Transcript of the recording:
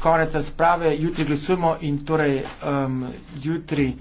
konec razprave, jutri glasujemo in torej um, jutri.